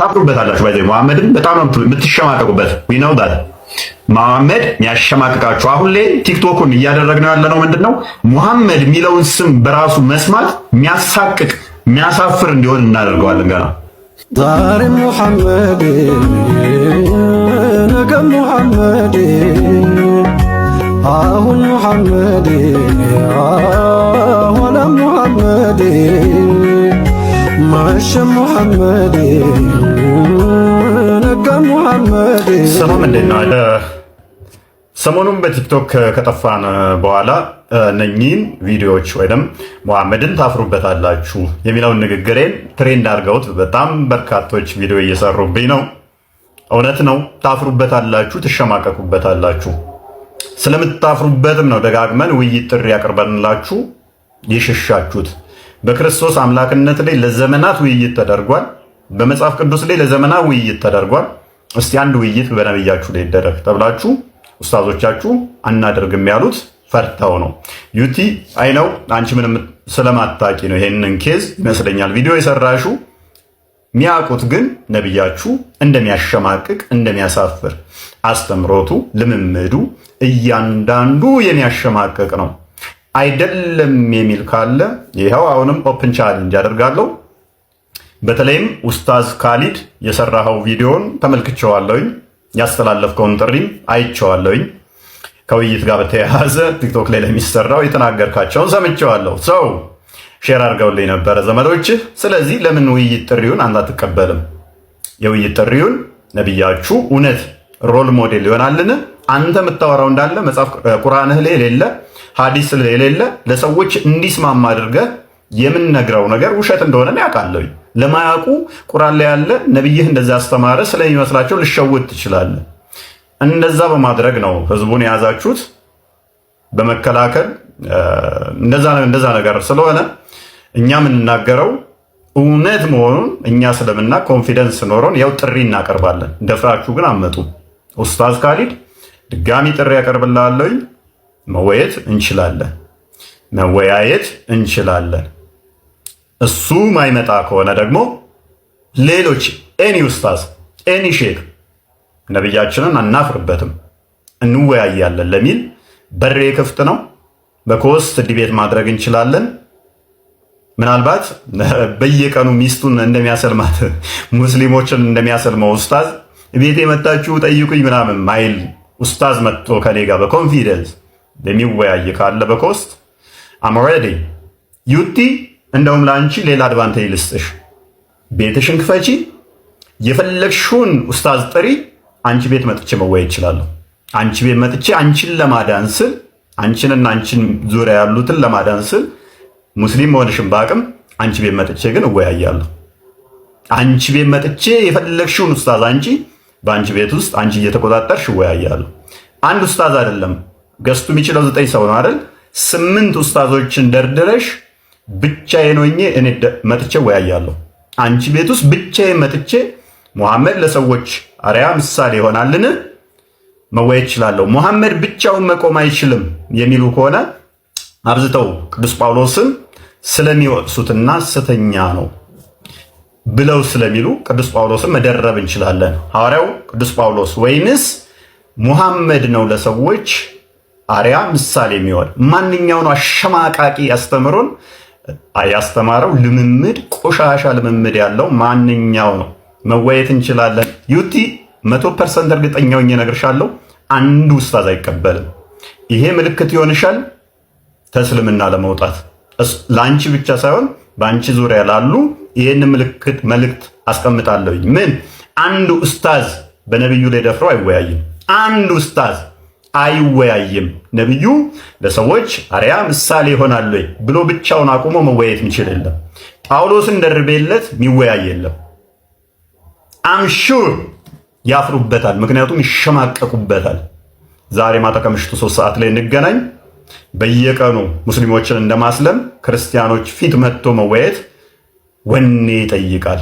ታፍሩበታላችሁ። ባይዘ መሐመድን በጣም ነው የምትሸማቀቁበት። ነው። ዳት መሐመድ የሚያሸማቅቃችሁ አሁን ላይ ቲክቶኩን እያደረግነው ያለ ነው ምንድን ነው መሐመድ የሚለውን ስም በራሱ መስማት የሚያሳቅቅ የሚያሳፍር እንዲሆን እናደርገዋለን ገና ዛሬ ሙሐመድ ማሸ ነጋ እንዴት ነው ሰሞኑን በቲክቶክ ከጠፋን በኋላ እነኚህን ቪዲዮዎች ወይም መሐመድን ታፍሩበታላችሁ የሚለውን ንግግሬን ትሬንድ አድርገውት በጣም በርካቶች ቪዲዮ እየሰሩብኝ ነው። እውነት ነው፣ ታፍሩበታላችሁ፣ ትሸማቀቁበታላችሁ። ስለምታፍሩበትም ነው ደጋግመን ውይይት ጥሪ ያቅርበንላችሁ የሸሻችሁት በክርስቶስ አምላክነት ላይ ለዘመናት ውይይት ተደርጓል። በመጽሐፍ ቅዱስ ላይ ለዘመናት ውይይት ተደርጓል። እስቲ አንድ ውይይት በነብያችሁ ላይ ይደረግ ተብላችሁ ኡስታዞቻችሁ አናደርግም ያሉት ፈርተው ነው። ዩቲ አይ ነው አንቺ ምንም ስለማታቂ ነው ይሄንን ኬዝ ይመስለኛል ቪዲዮ የሰራሹ ሚያውቁት ግን ነቢያችሁ እንደሚያሸማቅቅ እንደሚያሳፍር አስተምሮቱ ልምምዱ እያንዳንዱ የሚያሸማቅቅ ነው። አይደለም የሚል ካለ ይኸው አሁንም ኦፕን ቻሌንጅ አደርጋለሁ። በተለይም ኡስታዝ ካሊድ የሰራኸው ቪዲዮን ተመልክቼዋለሁኝ፣ ያስተላለፍከውን ጥሪም አይቼዋለሁኝ። ከውይይት ጋር በተያያዘ ቲክቶክ ላይ ለሚሰራው የተናገርካቸውን ሰምቼዋለሁ። ሰው ሼር አድርገውልኝ ነበረ ዘመዶችህ። ስለዚህ ለምን ውይይት ጥሪውን አንተ አትቀበልም? የውይይት ጥሪውን ነቢያችሁ እውነት ሮል ሞዴል ይሆናልን አንተ የምታወራው እንዳለ መጽሐፍ ቁርአንህ ላይ የሌለ ሀዲስ ላይ የሌለ ለሰዎች እንዲስማማ አድርገህ የምንነግረው ነገር ውሸት እንደሆነ ያውቃለሁ። ለማያውቁ ቁርአን ላይ ያለ ነብይህ እንደዛ አስተማረ ስለሚመስላቸው ልሸውት ትችላለህ። እንደዛ በማድረግ ነው ህዝቡን የያዛችሁት በመከላከል እንደዛ ነገር ስለሆነ እኛ የምንናገረው እውነት መሆኑን እኛ ስለምና ኮንፊደንስ ኖሮን ያው ጥሪ እናቀርባለን። ደፍራችሁ ግን አመጡ ኡስታዝ ካሊድ ድጋሚ ጥሪ ያቀርብላለሁኝ። መወየት እንችላለን፣ መወያየት እንችላለን። እሱ ማይመጣ ከሆነ ደግሞ ሌሎች ኤኒ ውስታዝ ኤኒ ሼክ ነቢያችንን አናፍርበትም፣ እንወያያለን ለሚል በሬ ክፍት ነው። በኮስ ዲቤት ማድረግ እንችላለን። ምናልባት በየቀኑ ሚስቱን እንደሚያሰልማት ሙስሊሞችን እንደሚያሰልመው ውስታዝ ቤት የመጣችሁ ጠይቁኝ ምናምን ማይል ኡስታዝ መጥቶ ከኔ ጋር በኮንፊደንስ የሚወያይ ካለ በኮስት አም ዩቲ። እንደውም ለአንቺ ሌላ አድቫንቴጅ ልስጥሽ፣ ቤትሽን ክፈቺ፣ የፈለግሽውን ኡስታዝ ጥሪ፣ አንቺ ቤት መጥቼ መወያይ እችላለሁ። አንቺ ቤት መጥቼ አንቺን ለማዳን ስል አንቺንና አንቺን ዙሪያ ያሉትን ለማዳን ስል ሙስሊም መሆንሽን በአቅም አንቺ ቤት መጥቼ ግን እወያያለሁ። አንቺ ቤት መጥቼ የፈለግሽውን ኡስታዝ አንቺ በአንቺ ቤት ውስጥ አንቺ እየተቆጣጠርሽ ይወያያሉ። አንድ ኡስታዝ አይደለም ገስቱ የሚችለው ዘጠኝ ሰው ነው አይደል? ስምንት ኡስታዞችን ደርድረሽ ብቻ ሆኜ እኔ መጥቼ እወያያለሁ። አንቺ ቤት ውስጥ ብቻ መጥቼ ሙሐመድ ለሰዎች አርያ ምሳሌ ይሆናልን መወየት እችላለሁ። ሙሐመድ ብቻውን መቆም አይችልም የሚሉ ከሆነ አብዝተው ቅዱስ ጳውሎስን ስለሚወቅሱትና ሐሰተኛ ነው ብለው ስለሚሉ ቅዱስ ጳውሎስን መደረብ እንችላለን። ሐዋርያው ቅዱስ ጳውሎስ ወይንስ ሙሐመድ ነው ለሰዎች አርያ ምሳሌ የሚሆን ማንኛውን አሸማቃቂ ያስተምሩን ያስተማረው ልምምድ ቆሻሻ ልምምድ ያለው ማንኛው ነው? መወየት እንችላለን። ዩቲ መቶ ፐርሰንት እርግጠኛው እነግርሻለሁ፣ አንዱ ውስታዝ አይቀበልም። ይሄ ምልክት ይሆንሻል ተስልምና ለመውጣት ለአንቺ ብቻ ሳይሆን በአንቺ ዙሪያ ላሉ ይህን ምልክት መልእክት አስቀምጣለሁኝ። ምን አንዱ ኡስታዝ በነቢዩ ላይ ደፍሮ አይወያይም። አንዱ ኡስታዝ አይወያይም። ነቢዩ ለሰዎች አርያ ምሳሌ ይሆናሉ ብሎ ብቻውን አቁሞ መወያየት የሚችል የለም። ጳውሎስን ደርቤለት የሚወያይ የለም። አምሹር ያፍሩበታል፣ ምክንያቱም ይሸማቀቁበታል። ዛሬ ማታ ከምሽቱ ሶስት ሰዓት ላይ እንገናኝ። በየቀኑ ሙስሊሞችን እንደማስለም ክርስቲያኖች ፊት መጥቶ መወያየት ወኔ ይጠይቃል።